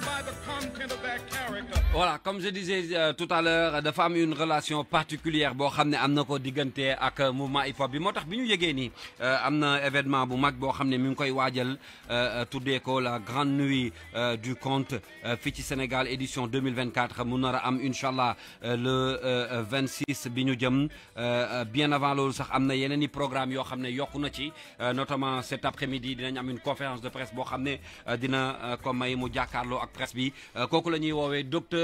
but by the content of their character. voilà comme je disais euh, tout à l'heure de femme une relation particulière Bon, xam amna ko diganté ak mouvement Il faut bi motax biñu yégué ni yëgee nii euh, événement bu mag bo xamné mi ngui koy waajal euh, tuddee ko la grande nuit du conte fii ci Sénégal édition 2024 mu nar a am inshallah le 26 biñu ñu jëm bien avant lolu sax amna na un programme yo xamné yokuna yokku ci notamment cet après-midi dinañ am une conférence de presse bo xamné ne dina ko may mu jakarlo ak presse bi kooku la ñuy woowee docteur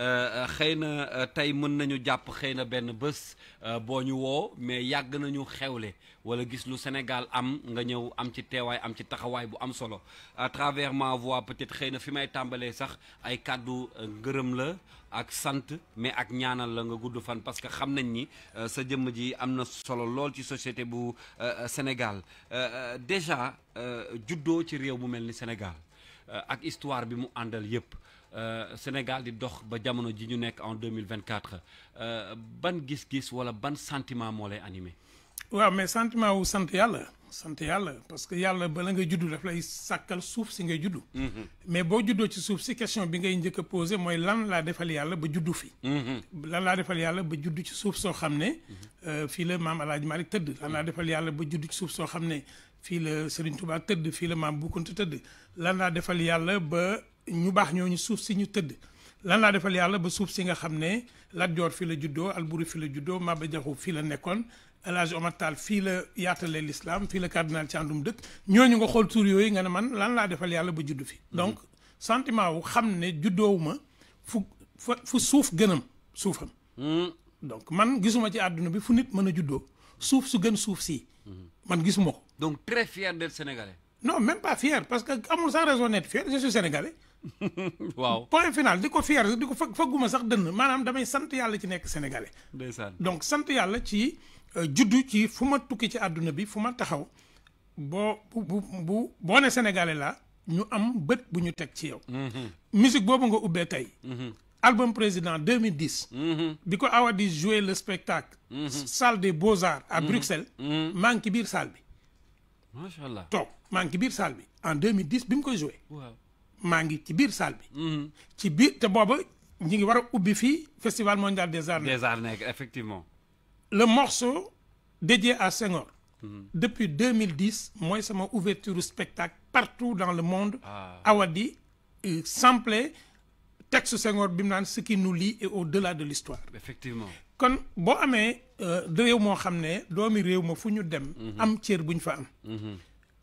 Euh, xëy nous euh, mën nañu Sénégal am am solo à travers ma voix peut-être que fi may sax ay euh, la ak mais ak ñaanal la fan parce que xam nañ ni sa que ji am solo lool ci société bu Sénégal déjà le ci réew Sénégal ak histoire bi mu andal yépp euh, Sénégal di dox ba jamono ji ñu en 2024 euh, ban gis-gis wala ban sentiment mo lay animé. waaw mais sentiment wu sant yàlla sant parce que yàlla la nga daf lay sàkkal suuf si ngay mm-hmm. mais boo juddoo ci suuf si question bi ngay a posé mooy lan laa defal yàlla ba fi. Mm-hmm. lan la defal yàlla ba ci suuf soo xam ne. Mm-hmm. Euh, la maam El Hadj Malick tëdd. defal yàlla ba ci suuf soo ne la Serigne Touba tëdd ñu bax ñoo ñu suuf si ñu tëdd lan laa defal yàlla ba suuf si nga xam ne Lat fi la juddoo Alburi fi la juddoo Maba Jaxu fii la nekkoon alage Omar Tall fii la yaatalee l'islam fii la cardinal ci àndum dëkk ñooñu nga xool tour yooyu nga ne man lan laa defal yàlla ba juddu fi mm-hmm. donc sentiment wu xam ne juddoowuma fu fu suuf gënam suufam mm-hmm. donc man gisuma ci àdduna bi fu nit mën a juddoo suuf su gën suuf si mm-hmm. man gisuma ko donc très fier d'être sénégalais non même pas fier parce que amul sans raison d'être fier je suis sénégalais Wow. Poen final, di euh, mhm. mhm. mhm. ko fyer, di ko fok fok goun mè sa ak denne, man am damè yi santayallè ki nèk Senegalè. Desan. Donk santayallè chi, jidou chi, fouman touki ti adounè bi, fouman tahaw, bo, bo, bo, bo, bo, bo, bo nan Senegalè la, nyo ammou bet pou nyotek ti yo. Müzik bo mwongo oubetay. Album prezident 2010. Di ko awa di jwè le spektak sal de boz ar a Bruxelles, mang kibir sal mi. Mwansha Allah. Tonk, mang kibir sal mi. An 2010 bim kwen jwè. mangi ci bir salbi mhm. ci bir te bobu ñi ngi wara ubbi fi festival mondial des arts des arts effectivement. le morceau dédié à Senghor. Mhm. depuis 2010 mooy sama ouverture spectacle partout dans le monde. Ah. Awadi euh, samplé texte Senghor bim nan ce qui nous lie et au-delà de l'histoire effectivement kon amé amee de euh, moo xam ne doomi rew ma fu ñu dem. Mhm. am cër buñ fa am.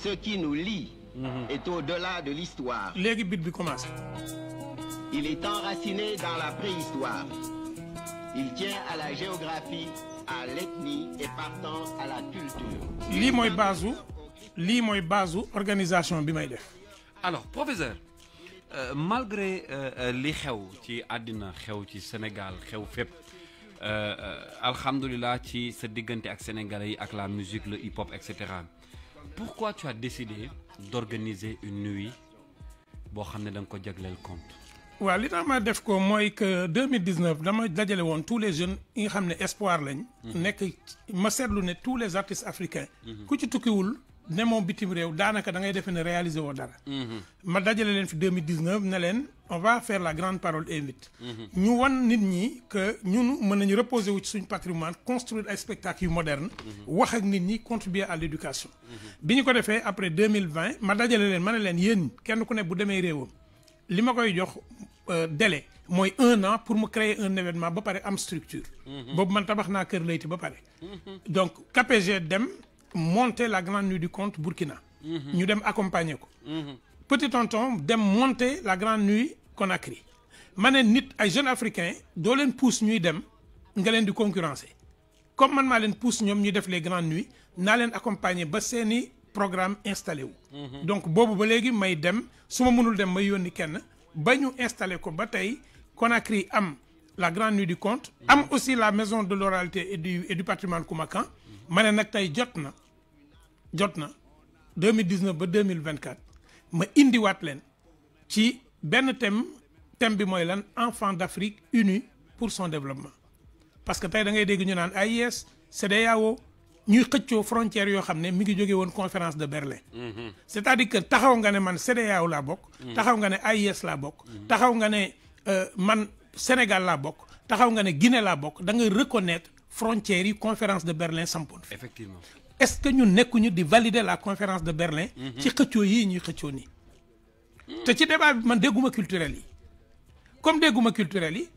Ce qui nous lie mhm. est au-delà de l'histoire. Il est enraciné dans la préhistoire. Il tient à la géographie, à l'ethnie et partant à la culture. Li moy bazu, li moy organisation bi may def. Alors, professeur, euh, malgré euh, euh, li xew ci adina, xew ci Sénégal, xew fep, euh, euh, alhamdulillah qui se diggante avec sénégalais Avec la musique le hip hop etc pourquoi tu as décidé d'organiser une nuit Pour que ne da le ko le compte. Oui, li que ma def C'est que que 2019 dama dit tous les jeunes yi ont l'espoir espoir lañ. Mhm. ma tous les artistes africains. Mhm. ku ci tukkiwul ne moom bitim rew danaka da ngay defe ne réaliser wo dara. Mhm. ma dajale len fi 2019 ne on va faire la grande parole invite. Mhm. ñu wan nit ñi que ñun mën ñu reposer wu ci suñu patrimoine construire ay spectacle yu moderne. Mhm. wax ak nit ñi contribuer à l'éducation. éducation. ko defee après 2020 ma dajale len ma ne leen kenn ku ne bu démé réewam li ma koy jox euh, délai. moy un an pour me créer un événement ba paré am structure. bobu man tabax na Kër Leyti ba paré donc KPG dem monter la grande nuit du compte Burkina. nous mhm. dem accompagner ko. Mhm. petit tonton dem monter la grande nuit qu'on a créée nit ay jeunes africains nous leen pousse ñuy dem nga leen concurrencer comme nous maa leen pousse ñoom les grandes nuits naa les accompagner ba un programme installé wu. Mhm. donc si ba léegi may dem su ma mënul dem may yónni kenn ba ñu bataille ko ba créé am la grande nuit du compte, am aussi la maison de l'oralité et du patrimoine koumakan ma ne nag tey jotna 2019 ba 2024 ma wat len ci ben thème thème bi moy lan enfants d'Afrique unis pour son développement parce que tay da ngay dégg ñu naan AIS CEDEAO ñuy xëccio frontière yo xamné mi ngi joggé won conférence de Berlin mhm. c'est-à-dire que taxaw nga né man CEDEAO la bok, mhm. taxaw nga né AIS la bok, mhm. taxaw nga né euh, man Sénégal la bok, taxaw nga né Guinée la bok, da ngay reconnaître frontières yi conférence de Berlin sampoon effectivement est-ce que nous avons validé valider la conférence de Berlin. Mhm. ci ce ñuy mhm. débat culturel comme dégguma culturel yi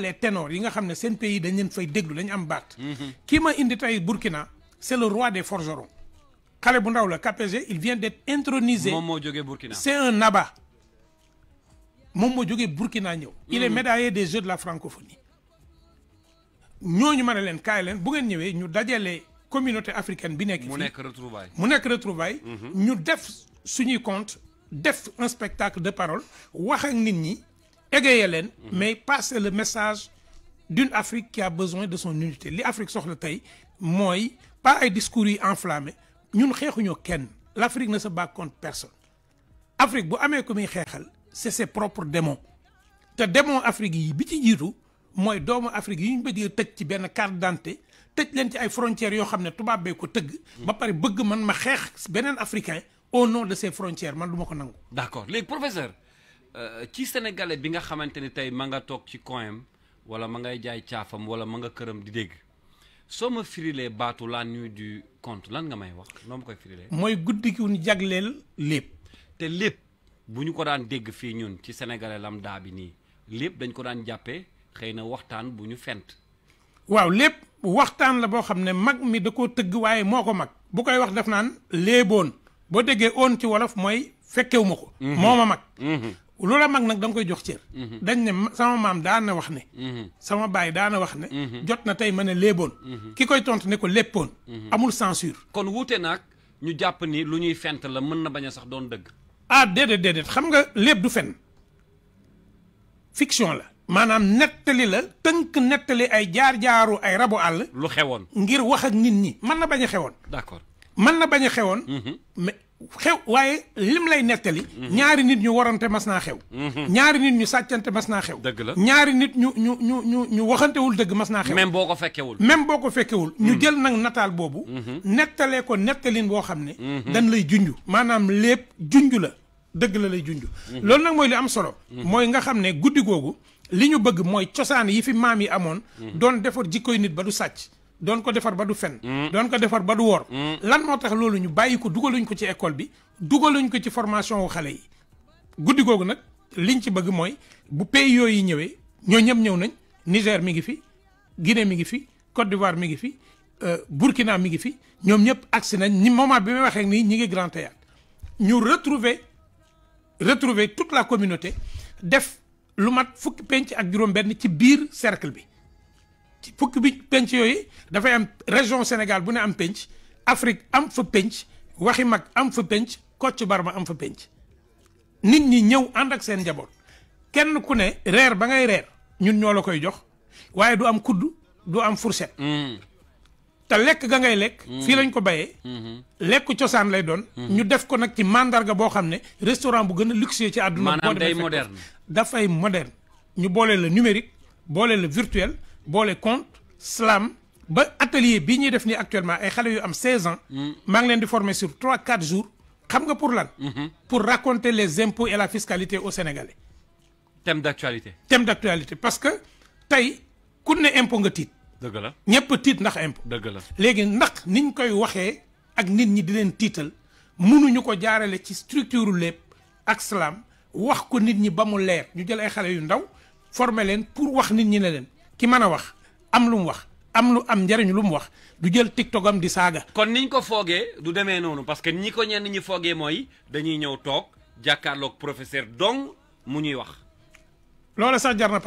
les ténors yi nga que pays dañ leen fay des am mhm. ma indi Burkina c'est le roi des forgerons. KPG il vient d'être intronisé. c'est un naba. il est médaillé des Jeux de la francophonie. Nous, leen leen bu ngeen nous communauté africaine bi nekk fii mu Nous retrouvaille mu nekk mhm. ñu def suñu compte def un spectacle de parole wax ak nit ñi égayer leen mhm. mais passer le message d'une Afrique qui a besoin de son unité li Afrique soxla tay moy pas ay discours yi enflammé ñun xeexuñoo kenn l'Afrique ne se bat contre personne Afrique bu amé ko muy xeexal c'est ses propres démons te démons africains, yi bi ci jiitu moy doomu Afrique yi ñu bëgg tëj ci ben carte d'identité tëj leen ci ay frontières yo xamné ne tubaab ko teug ba pare bëgg man ma xeex benen africain au nom de ces frontières man duma ko nangu. d'accord accord léegi professeur euh, ci sénégalais bi nga xamanteni tay tey ma nga toog ci coin wala ma ngay jaay caafam wala ma nga këram di dégg so ma firilee baatu la nuit du compte lan nga may wax noo ma koy firilee. moy guddi gi ñu jagleel lépp. te lépp bu ko daan dégg fi ñun ci sénégalais lam daa bi ni lépp dañ ko daan jappé xeyna waxtaan buñu fent. waaw lépp. waxtaan la boo xam ne mag mi da koo tëgg waaye moo ko mag bu koy wax def naan léeboon boo déggee oon ci wolof mooy fekkewu ko mhm. moo ma mag mhm. lu la mag nag da koy jox cër mhm. dañ ne sama maam daana wax ne sama baay daane wax ne jot na tey ma ne léeboon ki koy tontu ne ko léppoon amul censure kon wuute nag ñu jàpp ni lu ñuy fent la mën na bañ a sax doon dëgg ah déedéet déedéet xam nga lépp du fen fiction la maanaam nettali la tënk nettali ay jaar-jaaru ay rabu àll. lu xewoon ngir wax ak nit ñi mën na bañ a xewoon. d'accord mën na bañ a xewoon. Mhm. mais xew waaye lim lay nettali. Mhm. ñaari nit ñu warante mas naa xew. Mhm. ñaari nit ñu sàccante mas naa xew. dëgg la ñaari nit ñu ñu ñu ñu ñu waxantewul dëgg mas naa xew. même boo ko fekkewul. même boo ko fekkewul. ñu jël nag nataal boobu. nettalee ko nettalin boo xam ne. dañ lay junj. maanaam lépp junj la dëgg la lay junj. loolu nag mooy li am solo. mooy nga xam ne guddi googu. liñu bëgg moy cosaan yi fi maam yi hmm. doon defar jikkoy nit ba du sacc doon ko pas ba du hmm. doon ko ba hmm. lan école bi ko formation wu xalé yi guddi gogu nak liñ ci Niger mi fi Guinée mi Côte d'Ivoire mi euh, Burkina mi ngi fi ñom ñëpp axé nañ ni moment bi Grand Théâtre retrouver retrouver toute la communauté def lu mat fukki penc ak juróom-benn ci biir cercle bi ci fukki bi penc yooyu dafay am région Sénégal bu ne am penc Afrique am fa penc waxi mag am fa penc Kocc Barma am fa penc. nit ñi ñëw ànd ak seen njaboot kenn ku ne reer ba ngay reer ñun ñoo la koy jox waaye du am kudd du am fourchette. Mm. te lekk ga ngay lekk. Mm-hmm. fii lañ ko bayee. Mm-hmm. lekk cosaan lay doon. Mm-hmm. ñu def ko nag ci mandarga boo xam ne restaurant bu gën a luxueux ci àdduna. day moderne dafay moderne. ñu boole le numérique boole le virtuel boole compte slam ba atelier bi ñuy def nii actuellement ay xale yu am 16 ans. Mm. maa ngi leen di former sur 3 4 jours xam nga pour lan. pour raconter les impôts et la fiscalité au Sénégalais. thème d'actualité. thème d'actualité parce que tey ku ne impôt nga tiit. dëgg la ñëpp tiit ndax impôt. dëgg la léegi ndax niñ koy waxee ak nit ñi di leen tiital mënuñu ko jaarale ci structure lépp ak salaam wax ko nit ñi ba mu leer ñu jël ay xale yu ndaw former leen pour wax nit ñi ne leen ki mën a wax am lu mu wax am lu am lu mu wax du jël tiktok am di saaga. kon niñ ko foogee du demee noonu parce que ñi ko ñenn ñi foogee mooy dañuy ñëw toog jàkkaarloog professeur dong mu ñuy wax. loola sax jar na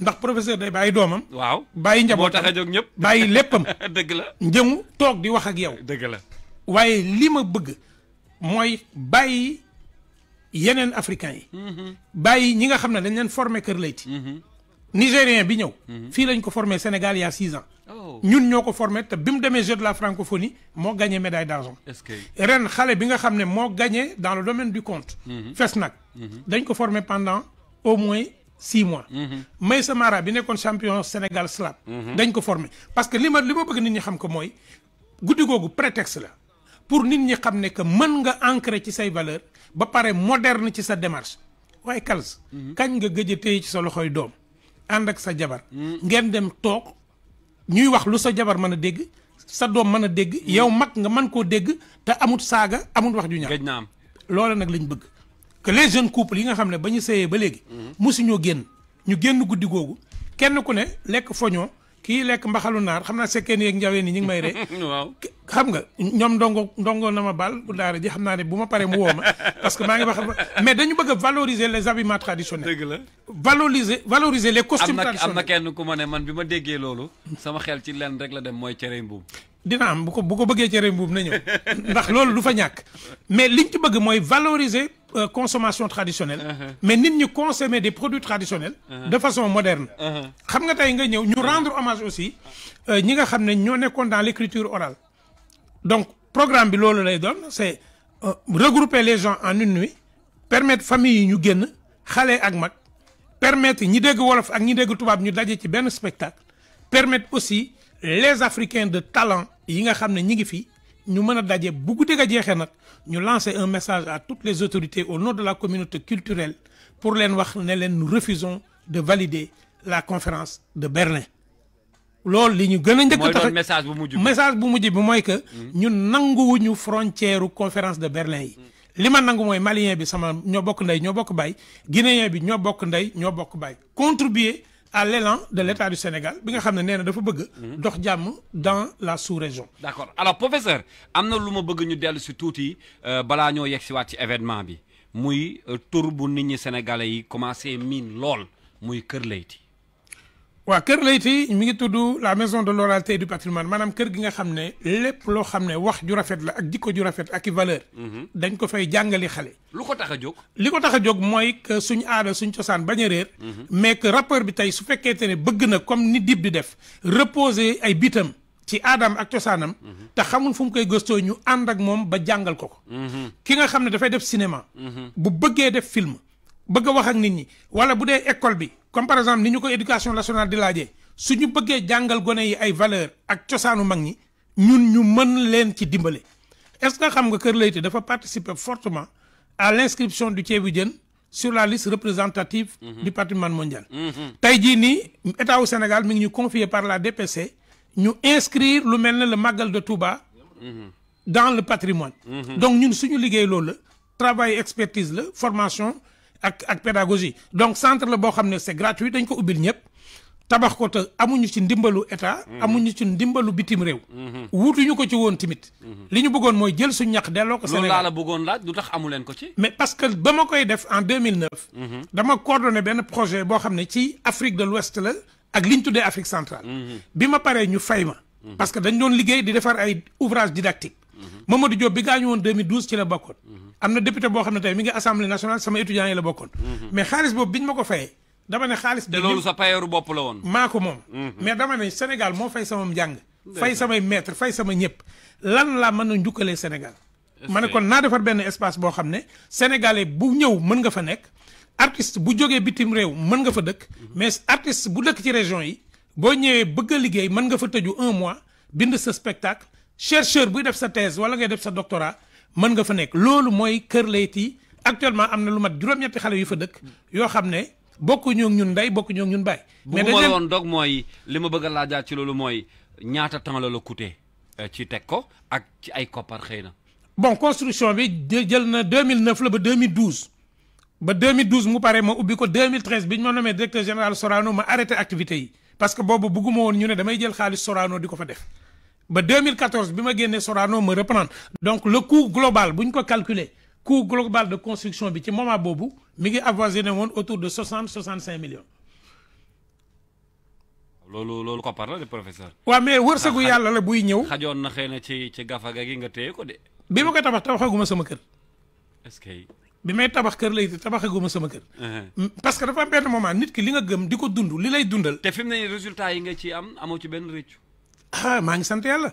ndax professeur day bàyyi domam waaw a la. tok di wax ak yow. deug la waye li bëgg mhm. ñi nga formé mhm. nigérien bi ñew mhm. lañ ko formé Sénégal il y six ans. Oh. ñun ñoko formé te des démé de la francophonie mo gagné médaille d'argent. ren xalé bi nga mo dans le domaine du compte fess nak dañ ko formé pendant au moins six mois. Mhm. mais Mara bi champion Sénégal slap. Mhm. dañ ko former parce que li ma li veux bëgg nit ñi xam ko prétexte la pour nit ñi xam ne que mën nga ancré ci say valeur ba pare moderne ci sa démarche way Kals. Mhm. nga a ci doom ak sa jabar. dem tok ñuy wax lu sa jabar mëna dégg sa doom mëna dégg. yow mag nga mën ko dégg te amut saga wax ju que les jeunes couples yi nga bañu ne ba légui sëyee ñu léegi. Mhm. ñu génn guddi gogu kenn ku ne lek foñoo ki lek mbaxalu nar xamna naa sekkeen yeeg njaween yi ñu ngi may ré waaw xam nga ñom ndongo ndongo na ma baal bu daara ji xamna naa buma paré mu woma parce que ma ngi wax mais dañu bëgg valoriser les habits traditionnels. deug la valoriser valoriser les costumes traditionnels. amna kenn ku ma ne man bima déggé lolu sama xel ci lenn rek la dem moy cérémbou dina am bu ko bu ko bëggee ci mbuub na ñëw ndax loolu du fa ñak mais liñ ci bëgg moy valoriser euh, consommation traditionnelle uh-huh. mais nit ñi consommer des produits traditionnels uh-huh. de façon moderne uh-huh. xam nga tay nga ñëw ñu rendre hommage aussi euh, ñi nga xamné ne ñoo nekkoon dans l'écriture orale donc programme bi loolu lay doon c'est euh, regrouper les gens en une nuit permettre famille ñu génn xalé ak mag permettre ñi dégg wolof ak ñi dégg tubaab ñu dajé ci ben spectacle permettre aussi les africains de talent yi nga xamné ñi ngi fi lancer un message à toutes les autorités au nom de la communauté culturelle pour les wax ne nous refusons de valider la conférence de Berlin. Lool li ñu message bu mujj message bu mujj bi mm. frontière conférence de Berlin yi. Mm. nangu bi sama à l'élan de l'État du Sénégal bi nga nous ne nee dafa bëgg dox dans la sous-région d'accord alors professeur am na lu bëgg ñu dellu si touti euh, balaa ñoo yegg si waat ci événement bi muy euh, tur nit ñi sénégalais yi commencé min lool muy Kër Leyti waaw Kër Leyti mi ngi tudd la maison de l'oralité et du patrimoine maanaam kër gi nga xam ne lépp loo xam ne wax ju rafet la ak jikko ju rafet ak i valeur mhm. dañ ko fay jàngali xale lu ko tax a jóg li ko tax a jóg mooy que suñ aada suñ cosaan bañ a réer mhm. mais que rappeur bi tey su fekkeete ne bëgg na comme ni dib di def reposer ay bitam ci aadam ak cosaanam mhm. te xamul fu mu koy gëstoo ñu ànd ak moom ba jàngal ko ko ki nga xam ne dafay def cinéma bu bëggee def film bëgg wax ak nit ñi wala bu dee école bi comme par exemple nous avons ko éducation nationale de laajee suñu nous jàngal goné yi ay valeur ak nous mag ñi ñun ñu mën leen est-ce que xam nga Kër dafa participer fortement à l'inscription du ceebu sur la liste représentative. Mhm. du patrimoine mondial. Aujourd'hui, mhm. l'État au état Sénégal mi ngi confié par la DPC ñu inscrire lu melne le Magal de Touba. Mhm. dans le patrimoine. donc ñun suñu liggéey loolu travail expertise la formation ak ak pédagogie donc centre le boo c'est gratuit donc ko peut ñëpp tabax ko te amuñu ci ndimbalu état. Mhm. amuñu ci ndimbalu bitim rew mhm. wutuñu ko ci won timit mhm. liñu ñu bëggoon mooy jël suñu ñak delloo ko. Sénégal la bëggoon laaj du tax ko ci. mais parce que bama koy def en 2009. dama coordonné ben projet bo xamné ci Afrique de l'Ouest la ak liñ tuddé Afrique centrale. bima paré ñu fayma parce que dañ doon liggéey di défar ay ouvrage didactiques Mamadou Diop bi gañu won 2012 ci la bokkoon. am na député boo xam ne tey mi ngi assemblée nationale sama étudiant yi la bokkoon. Mhm. mais xaalis boobu biñ ma ko fayee. dama ne xaalis bi loolu sa payeeru bopp la woon. maa ko moom. Mhm. mais dama ne Sénégal moo fay sama njàng. fay samay maître fay sama ñëpp lan laa mën na njukkalee Sénégal. ma ne kon naa defar benn espace boo xam ne sénégalais bu ñëw mën nga fa nekk. artiste bu jógee bitim réew mën nga fa dëkk. Mhm. mais artiste bu dëkk ci région yi. boo ñëwee bëgg a liggéey mën nga fa tëju un mois bind sa spectacle chercheur buy def sa thèse wala ngay def sa doctorat. man nga fa nek loolu moy keur Leyti actuellement amna lu mat juróom-ñetti xalé yu fa dëkk yo xamne bokku bokkuñu ak ñun ndey bokkuñu ak ñun bay mais bu ma woon dog moy lima bëgg la laajaat ci loolu moy ñaata temps la la coûté euh, ci tek ko ak ci ay copar xeyna bon construction bi jël na 2009 la ba 2012 ba 2012 mu paré ma ubbi ko 2013 bi ñu ma nommé directeur général Sorano ma arrêté activité yi parce que bobu bëgguma won ñu né damay jël xaalis Sorano diko fa def ba 2014 bima ma Sorano me reprendre donc le coût global buñ ko calculer coût global de construction bi ci moment bobu mi ngi avoisiné woon autour de 60 65 millions. loolu loolu ko par le professeur. wa mais wërsëgu ah, yalla la buy ñew xajoon na xéna ci ci gafa ga gi nga téye ko dé bi ma ko tabax tabaxaguma sama kër. est-ce que. bi may tabax kër lay tabaxaguma sama kër. Uh-huh. parce que dafa am benn moment nit ki li nga gëm diko dundu, dund li lay dundal. té fi mu résultat yi nga ci am amoo ci ben rëccu. ah maa ngi sant yàlla.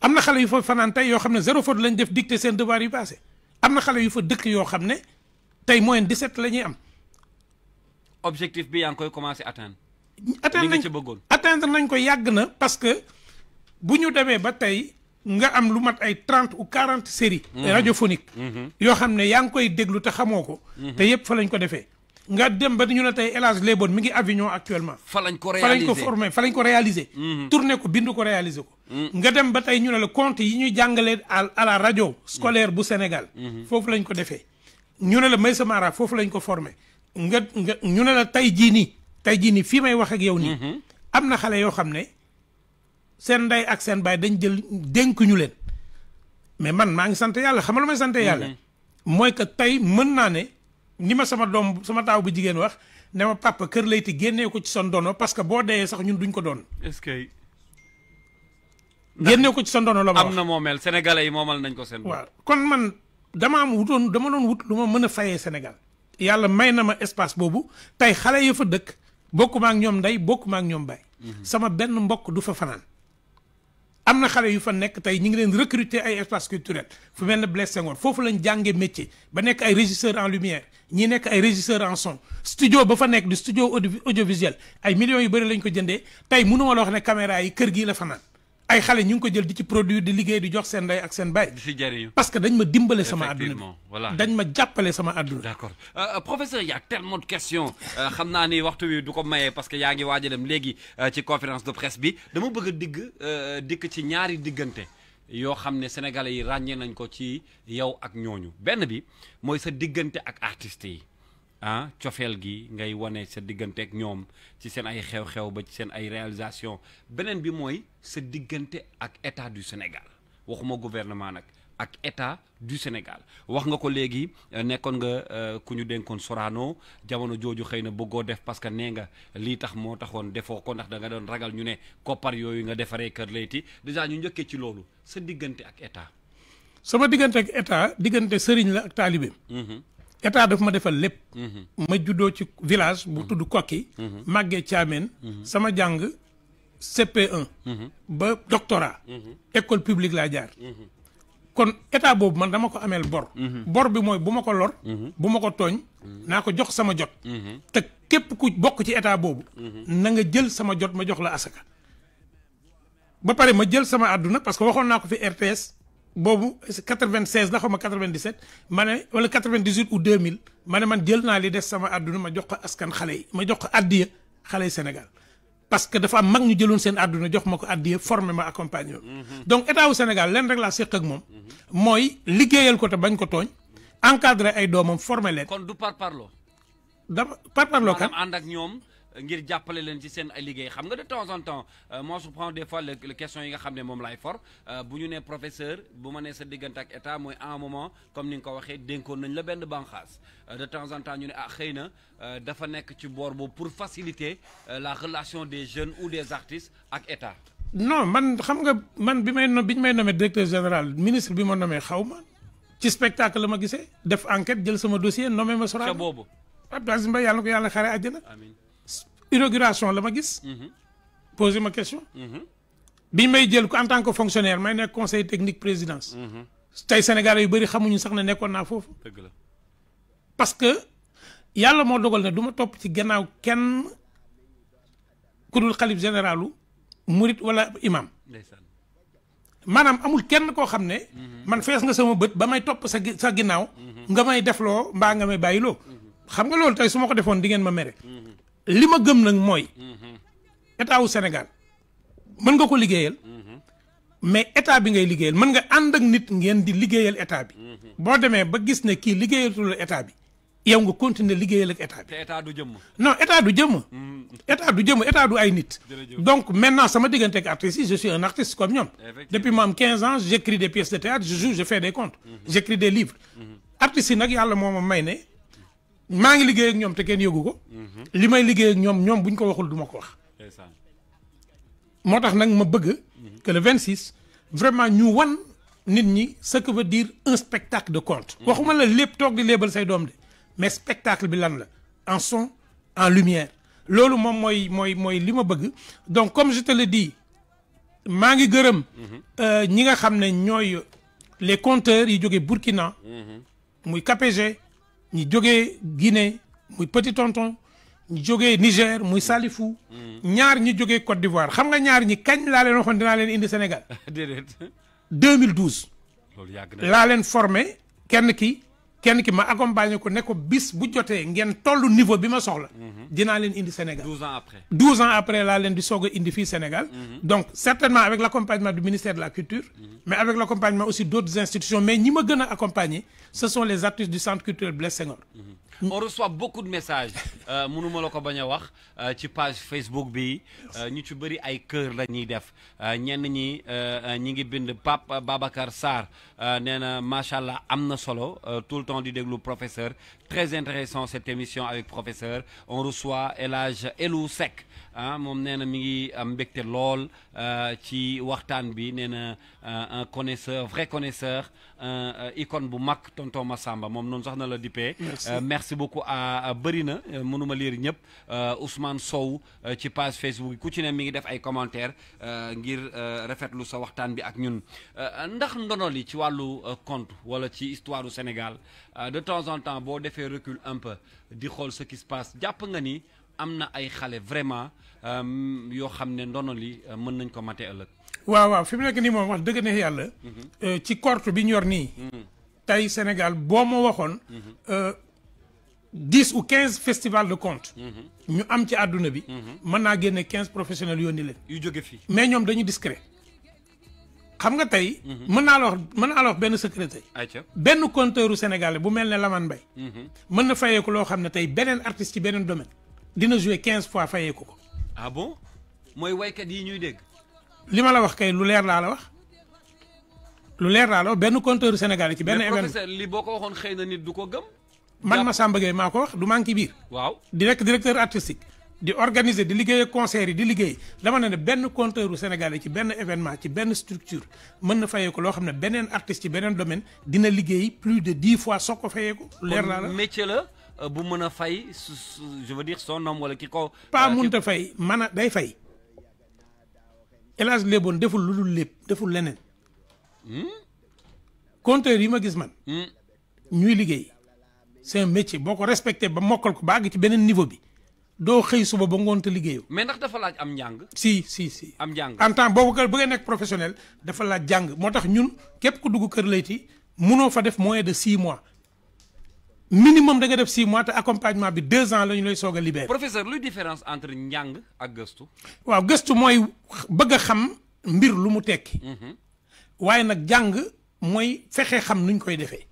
am na xale yu fa fanaan tey yoo xam ne zéro faute lañ def dicté seen devoir yu passé am na xale yu fa dëkk yoo xam ne tey moyenne 17 la ñuy am. objectif bi yaa ngi koy commencé atteindre. atteindre nañ atteindre nañ ko yàgg na parce que bu ñu demee ba tey nga am lu mat ay 30 ou 40 séries mhm. radiophoniques mhm. yoo xam ne yaa ngi koy déglu te xamoo ko. Mhm. te yëpp fa lañ ko defee. nga dem ba ñu ne tey El les Lebon mi ngi Avignon actuellement. fa lañ ko réaliser fa lañ ko former fa lañ ko réaliser. Mhm. tourner ko bindu ko réaliser ko. Mhm. nga dem ba tey ñu ne la compte yi ñuy jàngalee à la radio scolaire bu Sénégal. Mhm. foofu lañ ko defee. ñu ne la Maysa Mara foofu lañ ko former nga nga ñu ne la tey jii nii tey jii nii fii may wax ak yow nii. am na xale yoo xam ne seen ndey ak seen baay dañ jël dénku ñu leen mais man maa ngi sant yàlla xam lu may sant yàlla. mooy que tey mën naa ne. ni ma sama doom sama taaw bu jigéen wax ne ma papa kër lay layti génnee ko ci son dono parce que boo dee sax ñun duñ ko doon. est-ce que. ko ci son dono la am na moomeel sénégalais yi moomal nañ ko seen. waaw kon man dama am wutoon dama doon wut lu ma mën a fayee senegal yàlla may na ma espace boobu tey xale yi fa dëkk bokkuma ak ñoom ndey bokkuma ak ñoom baay. Mhm. sama benn mbokk du fa fanaan. amna xalé yu fa nek tay ñu ngi leen recruter ay espace culturel fu mel ne Blaise Senghor foofu lañ métier ba nek ay régisseur en lumière ñi nek ay régisseur en son studio ba fa nek du studio audiovisuel ay millions yu bëri lañ ko jëndee tey mënuma la wax né caméra yi kër gi la fanaan ay xalé ñu ngi ko jël di jox parce que dañ ma d'accord euh, euh, professeur y a tellement de questions euh, xamna ni waxtu wi du ko parce que ngi dem ci conférence de presse bi dama bëgg digg dik ci ñaari yo xamné sénégalais yi vous nañ ko ci yow ak ñooñu benn bi sa ak artistes ah cofeel gi ngay wane sa diggante ak ñoom ci seen ay xew-xew ba ci seen ay réalisation beneen bi mooy sa diggante ak état du Sénégal waxuma gouvernement nag ak état du Sénégal wax nga ko léegi euh, nekkoon nga euh, ku ñu Sorano jamono jooju xëy na def parce que nee nga lii tax ko ndax da nga ragal ñu ne koppar yooyu nga defaree kër layti dèjà ñu njëkkee ci loolu sa diggante ak état. sama diggante ak état diggante sëriñ la ak taalibeem. Mhm. état daf ma defal lépp. Mhm. ma juddoo ci village bu mhm. tudd Kokki. Mhm. màggee Thiamène. sama jàng CP1. ba doctorat. école publique laa jaar. kon état boobu man dama ko ameel bor. bor bi mooy bu ma ko lor. bu ma ko tooñ. naa ko jox sama jot. te képp ku bokk ci état boobu. na nga jël sama jot ma jox la asaka. ba pare ma jël sama àdduna parce que waxoon naa ko fi RTS. bobu 96 la xaw 97 mané wala 98 ou 2000 mané man jël naa li dess sama aduna ma jox ko askan xale yi ma jox ko adiya xale yi Sénégal parce que dafa am mag ñu jëloon sen aduna jox ma ko addiya formé ma accompagné mhm. donc état wu Sénégal len rek laa séq ak mom moy mhm. liggéeyal ko te bañ ko togn encadrer ay domam former leen. kon du par parlo. dama par parlo kan maanaam ànd ak ñom ngir jappalé len ci sen ay xam nga de temps en temps euh, moi je des fois les questions yi nga xamné mom lay for euh, buñu né professeur bu ma nee sa digënt ak état mooy un moment comme ni nga ko waxee dénkoon nañ la benn banqaas euh, de temps en temps ñu né ah xeyna dafa nekk ci boor pour faciliter la relation des jeunes ou des artistes ak état. non man xam nga man bi may bi may nommé directeur général ministre bi mo nommé xawma ci spectacle la ma gissé def enquête jël sama dossier nommé ma. Sorano ca boobu. Abdou Aziz Mbaye yàlla ko yalla xaré àjjana. amin inauguration la ma gis. Mhm. poser ma question. Mhm. biñ may jël ko en tant que fonctionnaire may nekk conseil technique présidence. Mhm. tay Sénégalais yu bari xamuñu sax ne nekkoon na fofu deug la parce que yalla mo dogal na du top ci gannaaw kenn ku dul généralu murit wala imam. manam amul kenn ko xam man fess nga sama beut bamay top sa sa ginnaaw. nga may defloo mba nga may bayilo xam nga loolu tay suma ko defone di ngeen ma méré li ma gëm nag mooy. Mhm. état au Sénégal mën nga ko liggéeyal. Mhm. mais état bi ngay liggéeyal mën nga and ak nit ngeen di liggéeyal état bi. Mhm. bo démé ba gis ne kii liggéeyatul état bi yow nga continuer liggéeyal ak état bi. état du jëm non état du jëm état du jëm état du ay nit. donc maintenant sama diggante ak artiste je suis un artiste comme ñom depuis ma 15 ans j'écris des pièces de théâtre je joue je fais des contes. j'écris des livres. artiste nak yalla moma moo may Mangi ngi liggéey ak ñoom te kenn yëgu ko. Mhm. li may liggéey ak ñoom ñoom buñ ko waxul duma ko wax. moo tax nag ma bëgg. Mhm. que le 26 vraiment ñu wan nit ñi ce que veut dire un spectacle de conte. Mhm. waxuma la lépp toog di léebal say doom de mais spectacle bi lan la en son en lumière. loolu moom mooy mooy mooy li ma bëgg donc comme je te le dis maa ngi gërëm. Euh, ñi nga xam ne ñooy les conteurs yi jóge Burkina. muy KPG. Ni la Guinée muy Petit Tonton nous Niger muy Salifou. Mm. ñaar ñi la Côte d'Ivoire xam nga ñaar ñi kañ la leen la dina Sénégal. 2012. la formée, kenn ki ma accompagner ko ne ko bis bu joté ngén toll niveau bima soxla. Mhm. dina len indi Sénégal. 12 ans après 12 ans après la len di sogo indi Sénégal. Mhm. donc certainement avec l'accompagnement du ministère de la culture. Mhm. mais avec l'accompagnement aussi d'autres institutions mais ñima ma accompagner ce sont les artistes du centre culturel Blaise Senghor. on reçoit beaucoup de messages euh, mënuma la ko bañ a wax euh, ci page facebook bi euh, ñu ci bëri ay kër la ñuy def ñenn ñi ñi ngi bind Pape Babacar Sarr allah solo tout temps di déglu professeur très intéressant cette émission avec professeur on reçoit Elage Elousec, Elou Seck ah moom nee na mi ngi am euh, ci bi euh, un connaisseur vrai connaisseur euh, icône bu mag tonton Massamba Mon noonu sax na la merci beaucoup à bëri mon nom lire ñëpp Ousmane Sow ci page Facebook yi ku ci ne mi ngi def ay commentaires ngir rafetlu sa waxtaan bi ak ñun ndax ndono li ci wàllu compte wala ci histoire du Sénégal euh, de temps en temps bo défé recul un peu di xol ce qui se passe japp nga ni amna ay xalé vraiment euh yo xamné ndono li meun nañ ko maté ëlëk waaw waaw fi nek ni mom wax deug ne yalla mhm. euh ci corte bi ñor ni mhm. tay sénégal bo mo waxon mhm. euh 10 ou 15 festivals de contes ñu am ci aduna bi meuna genné 15 professionnels yoni len yu joggé fi mais ñom dañu discret xam nga tey. Mhm. mën naa la wax mën naa la wax benn secrétaire. benn compteur sénégalais bu mel ne Lamane Mbaye. Mhm. mën na fayeeku loo xam ne tey beneen artiste ci beneen domaine dina jouer quinze fois fayeeku ko. ah bon mooy waykat yi ñuy dégg. li ma la wax kay lu leer laa la wax lu leer laa la wax benn compteur sénégalais ci benn. événement professeur li boo ko waxoon xëy na nit du ko gëm. man Massamba Gueye maa ko wax du maa ngi ci biir. waaw direct directeur artistique di organiser di liggéey concert yi di liggéey dama ne ne benn conteur sénégalais ci benn événement ci ben structure mën na fayé ko lo xamné ne artiste ci beneen domaine dina liggéey plus de dix fois soko fayé ko. leer naa la métier la euh, bu mën fay je veux dire son nom wala kiko pas pas euh, ta fay mën day fay El Hadj Léboon deful lulul dul lépp deful leneen. Hmm? conteur yi ma gis man. Hmm? ñuy liggéey c'est un métier boko respecté ba mokal ko ba àgg ci beneen niveau bi do xey suba ba ngoon te liggéeyoo. mais ndax dafa laaj am njàng. si si si am njàng. en temps bobu kër bëggee nek professionnel dafa laaj jang motax ñun kep ku dugg Kër Leyti mëno fa def moins de 6 mois minimum da nga def 6 mois te accompagnement bi 2 ans la ñu lay soog a professeur luy différence entre njang ak gëstu. waaw gëstu moy bëgg xam mbir lu mu tekki. Mhm. waaye nag jàng mooy fexe xam nuñ koy defee.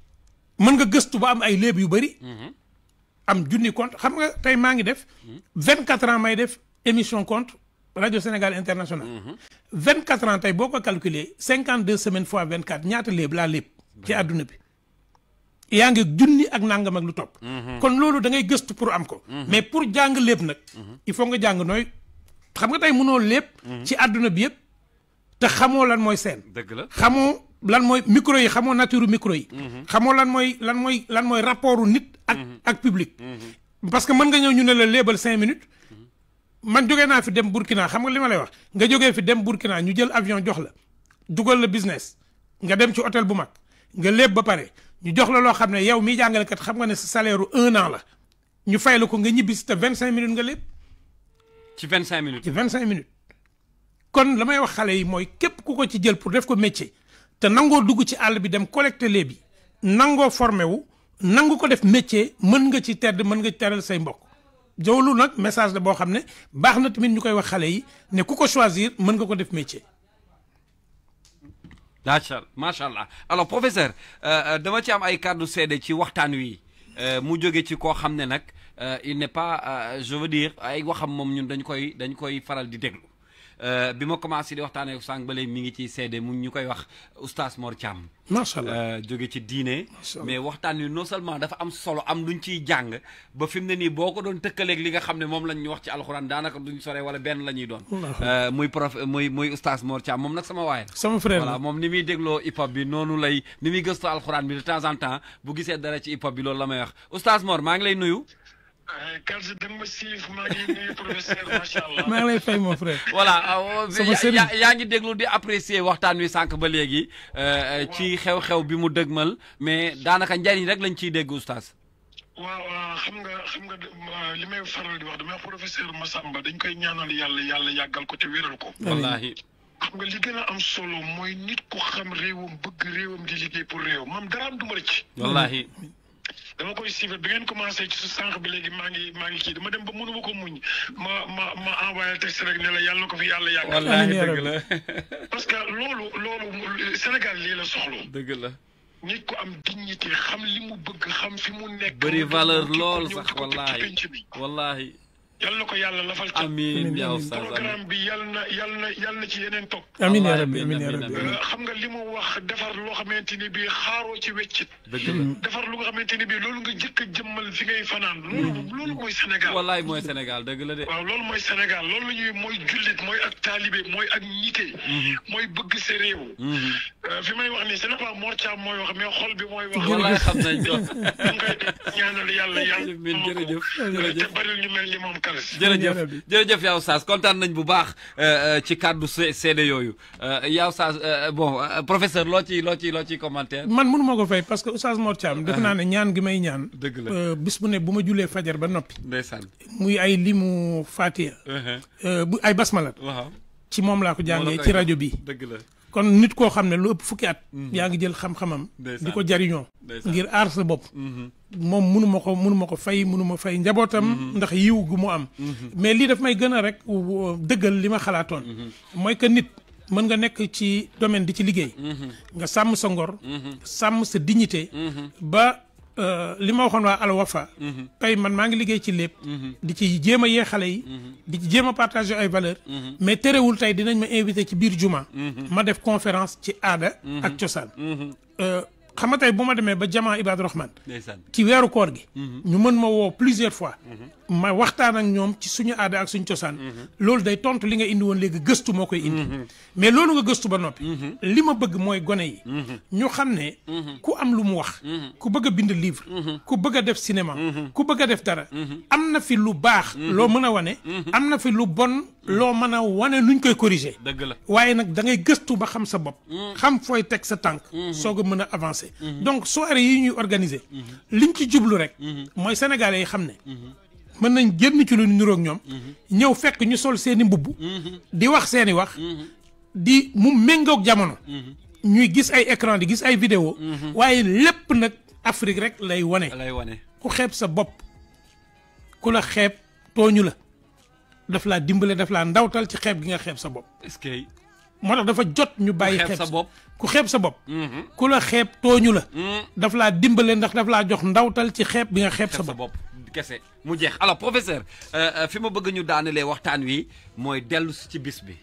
mën nga gëstu ba am ay léeb yu bari. Mhm am junni compte xam nga tey maa def. 24 ans may def émission compte radio Sénégal international. 24 ans tey boo ko calculer 52 semaines fois 24 ñaata léeb laa léeb. ci àdduna bi. yaa ngi junni ak nangam ak lu topp. Mhm. kon loolu da ngay gëstu pour am ko. Mhm. mais pour jàng lépp nag. Mhm. il faut nga jàng nooy xam nga tey mënoo lépp. ci àdduna bi yëpp. te xamoo lan mooy seen. la xamoo lan moy micro yi xamoo nature micro yi. Mhm. xamoo lan moy lan moy lan moy rapportu nit. ak mhm. ak public. Mhm. parce que mën nga ñëw ñu ne la label 5 minutes. man jógee naa fi dem Burkina xam nga li ma lay wax nga jógee fi dem Burkina ñu jël avion jox la dugal la business nga dem ci hôtel bu mag nga léeb ba pare ñu jox la loo xam ne yow miy jàngalekat xam nga ne sa salaire u un an la ñu fay la ko nga ñibbi si te vingt minutes nga léeb. ci 25 minutes ci 25 minutes. kon la may wax xale yi mooy képp ku ko ci jël pour def ko métier. te nangoo dugg ci àll bi dem collecter lait bi nangoo formé wu nangu ko def métier mën nga ci tedd mën nga ci teral say mbokk jowlu nag message la boo xam ne baax na tamit ñu koy wax xale yi ne ku ko choisir mën nga ko def métier. macha macha allah alors professeur euh, euh, dama ci am ay kàddu seede ci waxtaan wi euh, mu jóge ci koo xam ne nag il n'est pas je veux dire ay waxam moom ñun dañ koy dañ koy faral di déglu. Euh, bi ma commencé di waxtaanee sànq ba léegi mi ngi ciy seede mu ñu koy wax oustaz Mor Thiam. macha allah euh, jóge ci diine. mais waxtaan wi non seulement dafa am solo am luñ ciy jàng ba fi mu ne nii boo ko doon tëkkaleeg li nga xam ne moom lañ ñu wax ci alxuraan daanaka duñ sore wala benn la ñuy doon. Euh, muy prof muy muy oustaz Mor Thiam moom nag sama waay. sama frère voilà moom ni muy dégloo hip hop bi noonu lay ni muy gëstu alxuraan bi de temps en temps bu gisee dara ci hip hop bi loolu la may wax oustaz Mor maa ngi lay nuyu. Kals eh, dama siif maa ngi nuyu professeur maa ngi lay fay euh, yaa ngi déglu di apprécier waxtaan wi sànq ba léegi. Euh, euh, ci xew-xew bi mu dëgmal mais daanaka njariñ rek lañ ciy dégg oustaz. waaw xam nga xam nga li may faral di wax damay wax ma Massamba dañ koy ñaanal yàlla yàlla yàggal ko te wéral ko. wallaahi. xam nga li gën am solo mooy nit ku xam réewam bëgg réewam di liggéey pour réew maam daraam du ma rëcc. wallaahi. dama koy suivre bi ngeen commencé ci su sànq bi léegi maa ngi maa ngi kii dama dem ba mënu ma ko muñ ma ma ma envoyé texte rek ne yàlla na ko fi yàlla yàgg. wallaahi dëgg la parce que loolu loolu Sénégal lii la soxla. dëgg la. nit ko am dignité xam li mu bëgg xam fi mu nekk. bëri valeur lool sax wallaahi wallaahi. yal na ko yàlla lafal ca amiin yaa oustaz programme bi yal na yal na yal na ci yeneen toog amiin yaa rabbi amiin yaa rabbi xam nga li mu wax defar loo xamante ni bii xaaroo ci weccit defar lu nga xamante ni bii loolu nga jëkk a jëmmal fi ngay fanaan loolu loolu mooy Sénégal wallaay mooy Sénégal dëgg la de waaw loolu mooy Sénégal loolu la ñuy mooy jullit mooy ak taalibe mooy ak ñite mooy bëgg sa réew fi may wax ni Sénégal Mor Thiam mooy wax mais xol bi mooy wax wallaay xam nañ ko ngay ñaanal yàlla yàlla jërëjëf te bari ñu mel ni moom jërëjëf jërëjëf yaw Saas kontaan nañ bu baax euh, euh, ci kàddu seede yooyu euh, yaw Saas bon professeur loo ci loo ci loo ci commentaire man mënu ma ko fay parce que Oustaz Mor Thiam def naa ne ñaan gi may ñaan dëgg la bis bu ne bu ma julee fajar ba noppi ndeysaan muy ay limu Fatiha uh-huh. bu ay basmalat waaw ci moom laa ko jàngee ci rajo bi dëgg la kon nit koo xam ne lu ëpp fukki at. Mhm. yaa ngi jël xam-xamam. di ko jariñoo ngir aar sa bopp. Mhm. moom mënu ko mënu ko fay mënu ma fay njabootam. Mhm. ndax yiw gu mu am. mais lii daf may gën a rek dëggal li ma xalaatoon. mooy que nit mën nga nekk ci domaine di ci liggéey. nga sàmm sa ngor. sàmm sa dignité ba. Euh, li ma waxoon waa Al Wafa. Mhm. tey man maa ngi liggéey ci lépp. Mhm. di ci jéem a yee xale yi. Mhm. di ci jéem a partager ay valeurs. mais terewul tey dinañ ma invité ci biir juma. ma def conférence ci aada. ak cosaan. Euh, xam nga bu ma demee ba jamaa Ibadu Rahman. ci weeru koor gi. ñu mën ma woo plusieurs fois. ma waxtaan ak ñoom ci suñu aada ak suñu cosaan. Mhm. loolu day tontu li nga indi woon léegi gëstu moo koy indi. Mhm. mais loolu nga gëstu ba noppi. Mhm. li ma bëgg mooy gone yi. ñu ku am lu mu wax. ku bëgg livre. ku bëgg def cinéma. ku bëgg def dara. amna fi lu baax. wane. amna fi lu bon wane nuñ koy la da ngay gëstu ba xam sa bopp. xam sa avancer. donc soirée yi ñuy organiser. liñ ci jublu sénégalais mën nañ génn ci lu niroog ñoom. Mhm. ñëw fekk ñu sol seeni mbubb. Mhm. di wax seen i wax. Mhm. di mu méngoog jamono. ñuy gis ay écran di gis ay vidéo waaye lépp nag Afrique rek lay wane. lay wane ku xeeb sa bopp ku la xeeb tooñu la daf laa dimbale daf laa ndawtal ci xeeb gi nga xeeb sa bopp. est moo tax dafa jot ñu bàyyi. xeeb sa bopp ku xeeb sa bopp. ku la xeeb tooñu la. daf laa dimbale ndax daf laa jox ndawtal ci xeeb bi nga xeeb sa bopp. kese mu jeex alors professeur euh, euh, fi ma bëgg ñu les waxtaan wi mooy dellu si ci bis bi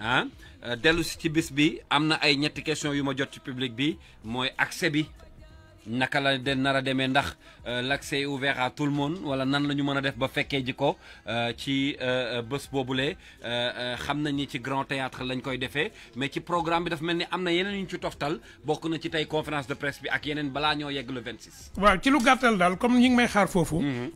ah euh, dellu si ci bis bi am na ay ñetti question yu ma jot ci public bi mooy accès bi naka la de nar a demee ndax euh, l' accès est ouvert à tout le mone wala nan la ñu mën a def ba fekkee ji ko euh, ci euh, bés boobule xam nañ ni ci grand théâtre lañ koy defee mais ci programme bi dafa mel ni am na yeneen yu ñu ci toftal bokk na ci tey conférence de presse bi ak yeneen balaa ñoo yegg le 26. waaw ci lu gàttal daal comme ñi ngi may xaar foofu. Mhm.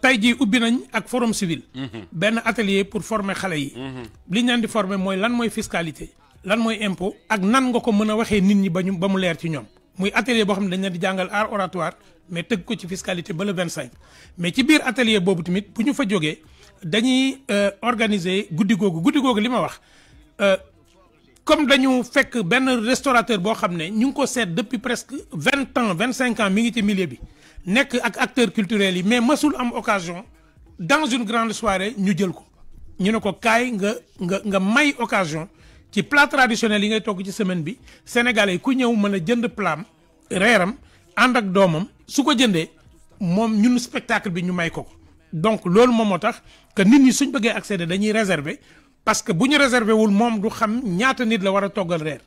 tey jii ubbi nañ ak forum civil. Mhm. benn atelier pour former xale yi. Mhm. li ñu leen di former mooy lan mooy fiscalité lan mooy impôt ak nan nga ko mën a waxee nit ñi ba ñu ba mu leer ci ñoom. muy atelier bo xam dañ leen di jàngal art oratoire mais tegg ko ci fiscalité ba le 25 mais ci biir atelier bobu tamit bu ñu fa joggé dañuy euh, organiser guddi gogu guddi gogu lima wax euh, comme dañu fekk ben, restaurateur bo xam ñu ko depuis presque 20 ans 25 ans mi ngi ci milieu bi nek ak acteurs culturels yi mais mësul am occasion dans une grande soirée ñu jël ko ñu ne ko kay nga nga nga may occasion. Les plat traditionnel yi ngay togg ci semaine bi sénégalais ku ñëw mën a jënd plam reeram ànd ak doomam su spectacle bi ñu may ko donc loolu que nit ñi suñ bëggee accéder dañuy réserver parce que bu ñu réserver wul moom du xam ñaata nit la war a toggal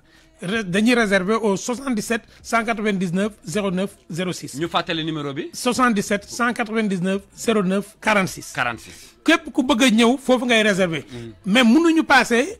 dañuy réserver au 77 199 09 06. ñu le numéro bi. 77 199 09 46. 46 képp ku bëgg faut ñëw foofu ngay réserver. Mm. mais mënuñu passé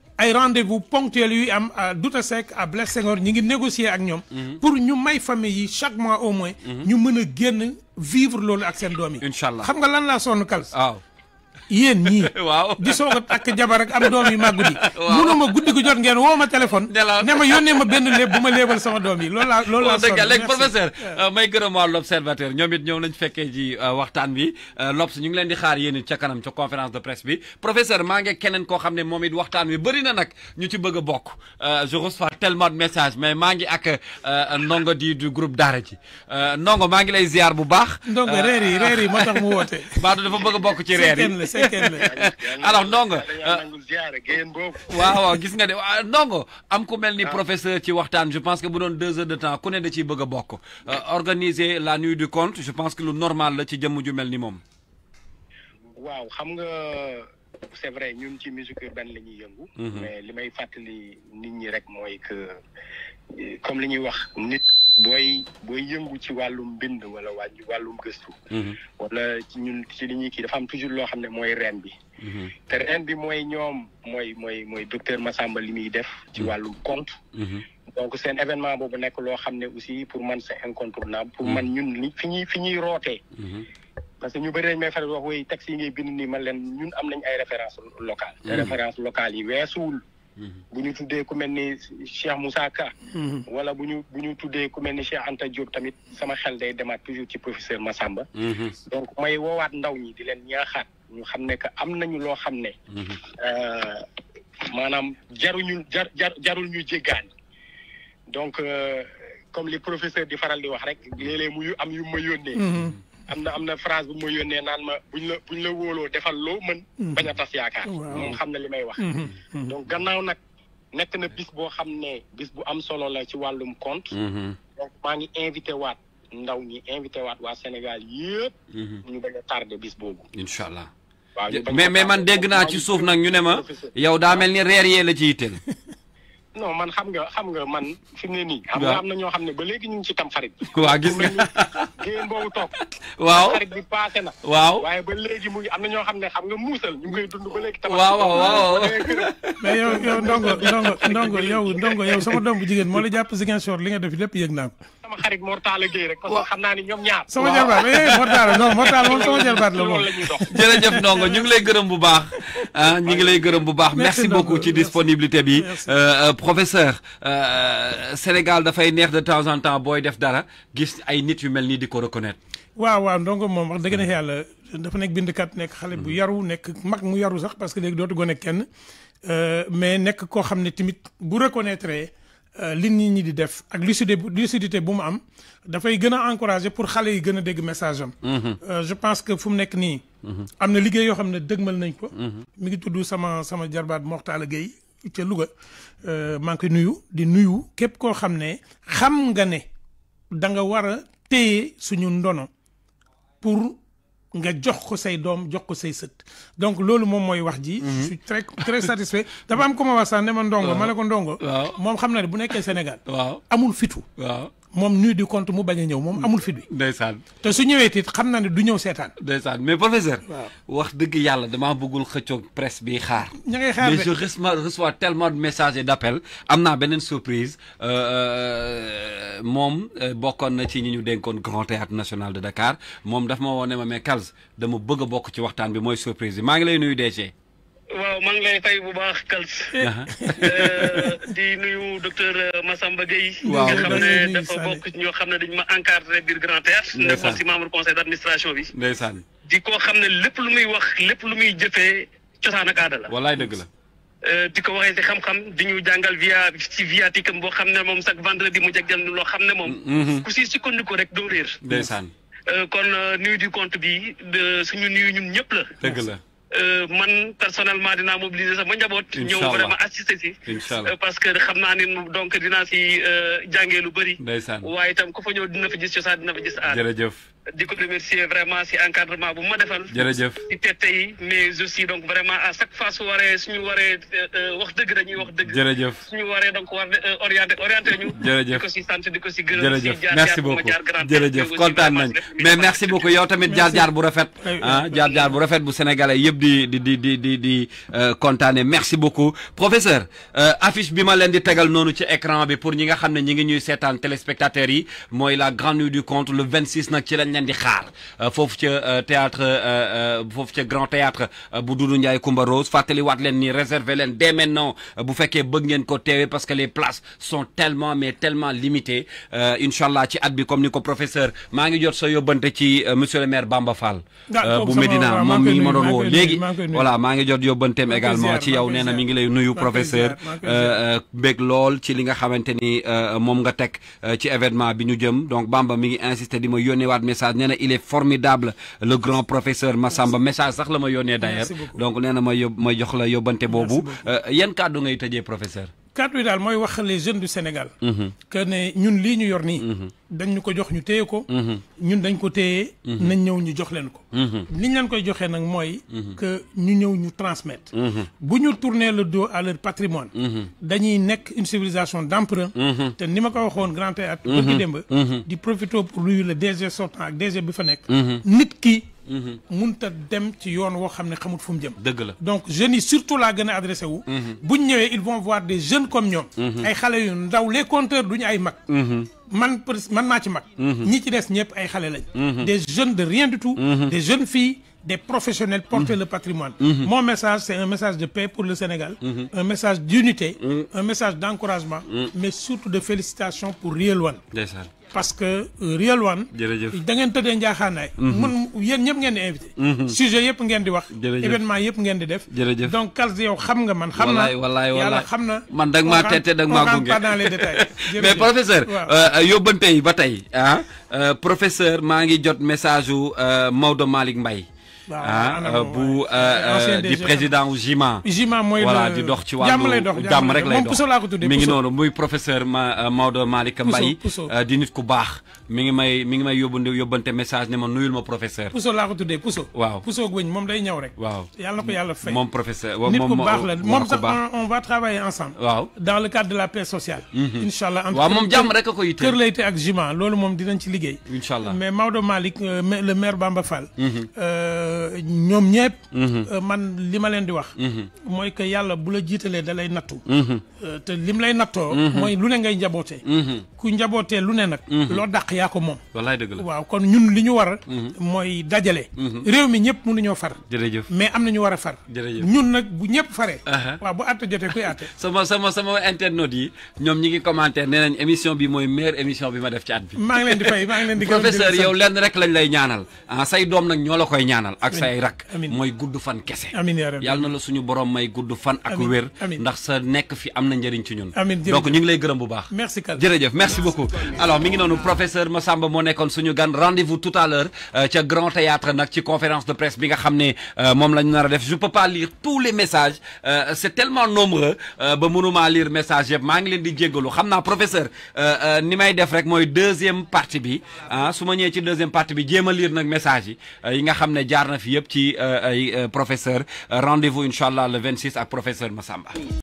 ay rendez-vous ponctuel yuy am à Douta Sec, à Blaise Senghor ñi ngi négocier ak ñoom. Mhm. pour ñu may famille yi chaque mois au moins. Mhm. ñu mën a vivre loolu ak seen doom yi. incha allah xam nga lan laa sonn kal. yéen ñii waaw di soog a takk jabar ak am doom yi maa guddi munuma guddi gu jot ngeen woo ma téléphone ne ma yónnee ma benn léeb bu ma léebal sama doom yi loolu laa loolu laa dëgg léegi professeur euh, may gërëm waa l'observateur ñoom it ñëw nañ fekkee ji euh, waxtaan bi euh, l'obs ñu ngi leen di xaar yéen ca kanam conférence de presse bi professeur maa ngi keneen koo xam ne moom it waxtaan wi bëri nag ñu ci bëgg a bokk je reçois tellement de messages mais maa ngi ak ndongo di du daara ji ndongo maa ngi lay ziar bu baax ndongo reer yi reer a bokk alors ndongo waaw waaw gis nga de ndongo am ku mel ni ah. professeur ci waxtaan je pense que bu doon deux heures de temps ku ne da ciy bëgg a bokk euh, organiser la nuit du conte je pense que lu normal la ci jëmm ju mel ni moom waaw xam nga c'est vrai ñun ci musique urbaine la ñuy yëngu mhm. mais li may fàttali nit ñi rek mooy que comme li ñuy wax nit booy booy yëngu ci wàllum mbind wala wàññi wàllum gëstu. Mhm. wala ci ñun ci li ñuy kii dafa am toujours loo xam ne mooy reen bi. Mhm. te reen bi mooy ñoom mooy mooy mooy docteur Massamba li muy def. ci mhm. wàllum compte. donc seen événement boobu nekk loo xam ne aussi pour man c'est incontournable. pour man ñun li fi ñuy fi ñuy rootee. parce que ñu bëri nañ may faral wax woy texte nii man leen ñun am nañ ay références locales. te références locales yi weesuwul. Mm-hmm. bu ñu tuddee ku melni Cheikh Moussa Ka mm-hmm. wala buñu buñu tuddé ku melni Cheikh Anta Diop tamit sama xel day demat toujours ci professeur Massamba mm-hmm. donc may woowaat ndaw ñi di leen ñaaxaat ñu xamné que am nañu loo xam ne euh, maanaam jaruñu jarul ñu jéggaan donc euh, comme les professeurs di faral di wax rek léeg-léeg mu yu am yu ma yónnee am na am na phrase bu ma yónnee naan ma buñ la buñ la wóoloo defal loo mën. Hmm. bañ a tas yaakaar. moom xam na li may wax. Hmm, hmm, donc gannaaw nag nekk na bis boo xam ne bis bu am solo la ci wàllum compte. donc maa ngi invité waat ndaw ñi invité waat waa Sénégal yëpp. ñu bañ a tardé bis boobu. incha allah mais mais man dégg naa ci suuf nag ñu ne ma yow daa mel ni reer yee la ci yitteel. non man xam nga xam nga man fi ne nii. xam nga am na ñoo xam ne ba léegi ñu ngi ci tam xarit. waaw gis nga géen boobu toog. waaw xarit bi paase na. waaw waaye ba léegi mu ngi am na ñoo xam ne xam nga muusal ñu ngi koy dund ba léegi. tam waaw waaw waaw mais yow yow ndongo ndongo ndongo yow ndongo yow sama doom bu jigéen moo la jàpp Ziguinchor li nga def lépp yëg naa ko. sama xarit Mortala Gueye rek parce que xam naa ni ñoom ñaar. sama jërbaat eh, mais moom sama jërbaat la moom. jërëjëf ndongo ñu ngi lay gërëm bu baax ah, ñu ngi lay gërëm bu baax. merci beaucoup ci disponibilité bi. Euh, euh, professeur euh, Sénégal dafay neex de temps en temps booy def dara gis ay nit yu mel nii di ko reconnaître. waaw waaw ndongo moom dëgg na hmm. yàlla dafa nekk bindkat nekk xale bu hmm. yaru nekk mag mu yaru sax parce que léegi dootu ko nekk kenn mais nekk koo xam ne tamit bu reconnaître Euh, lin nit ñi di def ak lucidité lucidité bu mu am dafay gën a encourager pour xale yi gën a dégg message am. Mhm. Euh, je pense que fu mu nekk nii. Mhm. am na liggéey yoo xam ne dëgmal nañ ko. Mhm. mi ngi tudd sama sama jarbaat Moxtaala Gueye ca Louga euh, maa ngi koy nuyu di nuyu képp koo xam ne xam nga ne da nga war a téye suñu ndono pour nga jox ko say doom jox ko say sët donc loolu moom mooy wax ji. Mhm. je suis très très satisfait dafa am ko ma wax sax ne ma ndongo ma ne ko ndongo. moom xam na ne bu nekkee Sénégal. amul fitu. moom nuyu di compte mu bañ a ñëw moom mm. amul fit bi. ndeysaan te su ñëwee it xam na ne du ñëw seetaan. ndeysaan mais professeur. wax dëgg yàlla damaa bëggul xëccoog presse bi xaar. ña ngay xaar mais je reçois tellement de messages et d' appels am naa beneen surprise euh, euh, moom euh, bokkoon na ci ñi ñu denkoon Grand Théâtre National de Dakar moom daf ma woo ma mais Kals dama bëgg bokk ci waxtaan bi mooy surprise yi maa ngi lay nuyu DG. waaw maa ngi lay fay bu baax Kals. Euh, di nuyu docteur euh, Massamba Gueye. waaw nga xam ne dafa bokk ñoo xam ne dañ ma encadré biir Grand Théâtre. nekkoon si membre conseil d'administration bi. ndeysaan di ko xam ne lépp lu muy wax lépp lu muy jëfee cosaan ak aada la. wallaay dëgg la. Euh, di ko waxee si xam-xam di ñu jàngal via ci viatique boo xam ne moom chaque vendredi mu jagleen loo xam ne moom. Mm-hmm. ku si sukkandiku rek doo réer. ndeysaan kon nuyu du compte bi suñu nuyu ñun ñëpp la. dëgg la. Euh, man personnellement dinaa mobiliser sama njaboot. incha ñëw vraiment assister si. Euh, parce que xam naa ni donc dinaa si euh, jàngee lu bëri. waaye itam ku fa dina fa gis cosaan dina fa gis aar. di de remercier vraiment c'est encadrement bu ma defal. jërëjëf si tete yi mais aussi donc vraiment à chaque fois su waree suñu waré euh, wax deug dañuy wax deug suñu waré donc war euh, orienté orienté ñu. jërëjëf ci ko diko ci di ko merci beaucoup jërëjëf kontaan nañ mais merci beaucoup yow tamit jaar jaar bu rafet. ah hein, jaar jaar bu rafet bu sénégalais yëpp di di di di di di euh, kontaane merci beaucoup professeur affiche bima ma leen di tegal noonu ci écran bi pour ñi nga xamné ñi ngi ñuy sétane téléspectateurs yi moy la grande nuit du compte le 26 nag ci lañ lañ leen di xaar euh, foofu ca euh, théâtre euh, foofu ca grand théâtre bu Doudou Ndiaye Coumba Rose wat leen ni réserver leen dès maintenant bu fekkee bëgg ngeen ko teewee parce que les places sont tellement mais tellement limitées Inshallah, ci at bi comme ni ko professeur maa ngi jot sa yóbbante ci monsieur le maire Bamba Fall bu Médina moom mi ma doon woo léegi voilà maa ngi jot yóbbanteem également ci yow nee na mi ngi lay nuyu professeur bég lool ci li nga xamante ni moom nga teg ci événement bi ñu jëm donc Bamba mi ngi insister di ma yónneewaat message il est formidable le grand professeur Massamba message sax lama yone d'ailleurs donc nee ma yób ma jox la yóbbante bobu euh, yan cadeau ngay tejé professeur cadre dal moy les jeunes du Sénégal. Mhm. que ne ñun ñu yor mhm. dañ ñu ko jox ñu ko. Mhm. ñun dañ ko ñu jox ko. que ñu ñew ñu transmettre. bu ñu tourner le dos à leur patrimoine. une civilisation d'emprunt. te ko Grand Théâtre. bu di pour lui, le DG sortant ak DG fa Mm-hmm. dem ci donc je surtout la gëna adressé mm-hmm. ils vont voir des jeunes comme mm-hmm. nous les des des jeunes de rien du tout. des jeunes filles. des professionnels porter le patrimoine. Mon message, c'est un message de paix pour le Sénégal, un message d'unité, un message d'encouragement, mais surtout de félicitations pour Riel One. parce que euh, Real One. jërëjëf da ngeen tëddee njaaxaanaay. Mhm. mun yéen ñëpp ngeen di invité. Mhm. sujet yëpp ngeen di wax. jërëjëf événement yëpp ngeen di def. jërëjëf donc Kals yow xam nga man. xam naa yàlla xam na. man dag maa tette dag maa gunge dans les détails. mais professeur. Euh, euh, yóbbante ba tey ah, professeur maa ngi jot message wu u Maodo Malick Mbaye Bah, ah, ah euh, bu euh, euh, di président Jima. Jima mooy voilà di dox ci wàllu jàmm rek lay dox mi ngi muy professeur ma Maodo Malick Mbaye di nit ku bax mi ngi may mi ngi may yóbbu yobante message ne ma nuyul ma professeur. Pouso la ko tuddee Pouso. waaw Pouso Gougne mom day ñëw rek. waaw yalla nako yalla fay. mom professeur moom nit ku la sax on va travailler ensemble. waaw dans le cadre de la paix sociale. Mhm. Inshallah. waaw mom jàmm rek ko yité keur lay té ak Jima mom di nañ ci liggéey. inshallah mais Maodo Malick le maire Bamba Fall. Mhm. ñoom ñëpp. Mhm. Euh, man li ma leen di wax. Mhm. mooy que yàlla bu la jiitalee da lay nattu. Mhm. Euh, te lim lay nattoo. mooy lu ne ngay njabootee. ku njabootee lu ne nag. loo dàq yaa ko moom. wallaay dëgg la waaw kon ñun li ñu war. mooy dajale. réew mi ñëpp mënuñoo far. jërëjëf mais am na war a far. jërëjëf ñun nag bu ñëpp faree. Uh-huh. waaw bu àtte jotee kuy àtte. sama sama sama internautes yi ñoom ñi ngi commentaire nee nañ émission bi mooy meilleure émission bi ma def ci at bi. maa professeur yow lenn rek lañ lay ñaanal ah say doom nag ñoo la koy ñaanal ak say rak mooy gudd fan kese yàlla na la suñu borom may gudd fan ak wér ndax sa nekk fi am na njëriñ ci ñun donc ñu ngi lay gërëm bu baax merci jërëjëf merci beaucoup alors mi ngi noonu professeur Massamba moo nekkoon suñu gan rendez-vous tout à l'heure euh, ca grand théâtre nag ci conférence de presse bi nga xam ne euh, moom la ñu nar a def je peux pas lire tous les messages euh, c'est tellement nombreux ba mënumaa liir message yëpp maa ngi leen di jéggalu xam naa professeur ni may def rek mooy deuxième partie bi ah su ma ñëwee ci deuxième partie bi jéem a nag message yi yi nga xam ne jaar na fi euh, euh, professeur euh, rendez-vous inchallah le 26 le professeur Massamba